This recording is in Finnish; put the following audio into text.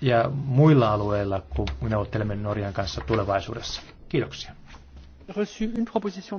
ja muilla alueilla, kun neuvottelemme Norjan kanssa tulevaisuudessa. Kiitoksia.